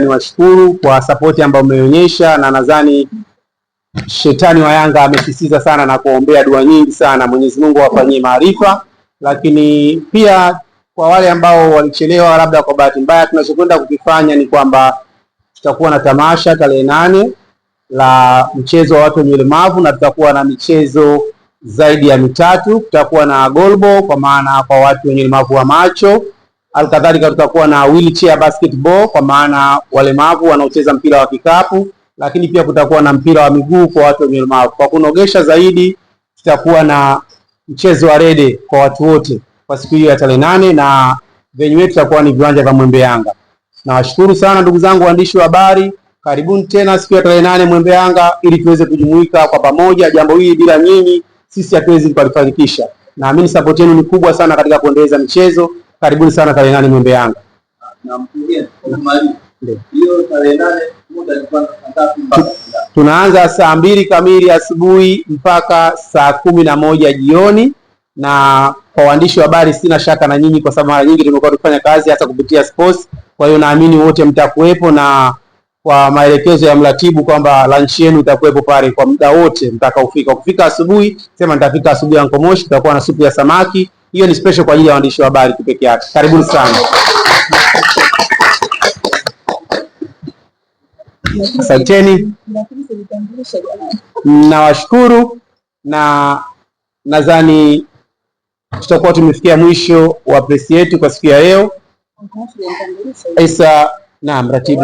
Niwashukuru kwa sapoti ambayo mmeonyesha, na nadhani shetani wa Yanga amesisitiza sana na kuombea dua nyingi sana. Mwenyezi Mungu awafanyie maarifa, lakini pia kwa wale ambao walichelewa labda kwa bahati mbaya, tunachokwenda kukifanya ni kwamba tutakuwa na tamasha tarehe nane la mchezo wa watu wenye ulemavu, na tutakuwa na michezo zaidi ya mitatu. Tutakuwa na golbo kwa maana kwa watu wenye ulemavu wa macho Alkadhalika tutakuwa na wheelchair basketball kwa maana walemavu wanaocheza mpira wa kikapu, lakini pia kutakuwa na mpira wa miguu kwa watu wenye ulemavu. Kwa kunogesha zaidi, tutakuwa na mchezo wa rede kwa watu wote kwa siku hiyo ya tarehe nane na venue yetu itakuwa ni viwanja vya Mwembe Yanga. Nawashukuru sana ndugu zangu waandishi wa habari, karibuni tena siku ya tarehe nane Mwembe Yanga, ili tuweze kujumuika kwa pamoja. Jambo hili bila nyinyi sisi hatuwezi kulifanikisha. Naamini support yenu ni kubwa sana katika kuendeleza michezo Karibuni sana tarehe nane Mwembe Yanga. Tunaanza saa mbili kamili asubuhi mpaka saa kumi na moja jioni, na kwa waandishi wa habari sina shaka na nyinyi, kwa sababu mara nyingi tumekuwa tukifanya kazi hasa kupitia sports. Kwa hiyo naamini wote mtakuwepo na kwa maelekezo ya mratibu kwamba lunch yenu itakuwepo pale kwa muda wote mtakaofika. Ukifika asubuhi sema nitafika asubuhi ya Nkomoshi, tutakuwa na supu ya samaki hiyo ni special kwa ajili ya waandishi wa habari tu peke yake. Karibuni sana. Asanteni. Nawashukuru na nadhani tutakuwa tumefikia mwisho wa presi yetu kwa siku ya leo. Isa na mratibu.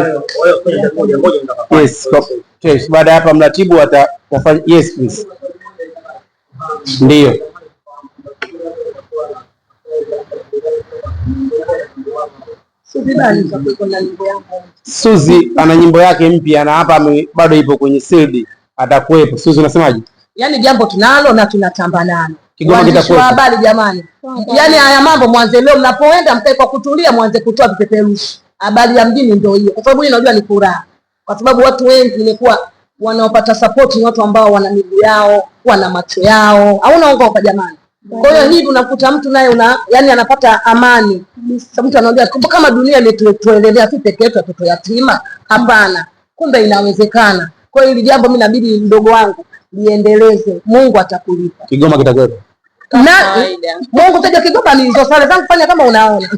Yes, baada ya hapa mratibu atafanya yes please. Ndiyo. Suzi ana nyimbo yake mpya na hapa bado ipo kwenye CD, atakuwepo. Suzi, unasemaje? Yaani jambo tunalo na tunatamba nalo. habari jamani, yaani haya mambo mwanze leo, mnapoenda mkae kwa kutulia, mwanze kutoa vipeperushi. Habari ya mjini ndio hiyo, kwa sababu hii najua ni furaha, kwa sababu watu wengi imekuwa wanaopata support ni watu ambao wana miguu yao, wana macho yao, au unaongopa jamani? Kwa hiyo hivi unakuta mtu naye una yani anapata amani. Sababu mtu anaambia kumbe kama dunia imetuelelea tu peke yetu watoto yatima, hapana. Kumbe inawezekana. Kwa hiyo hili jambo mimi nabidi mdogo wangu liendeleze. Mungu atakulipa. Kigoma kitakuwa na Mungu taja Kigoma nilizo sare zangu fanya kama unaona.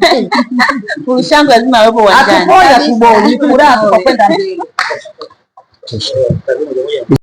Ulishangu lazima awepo uwanjani. Atakoya kuboni, furaha kwa kwenda mbele.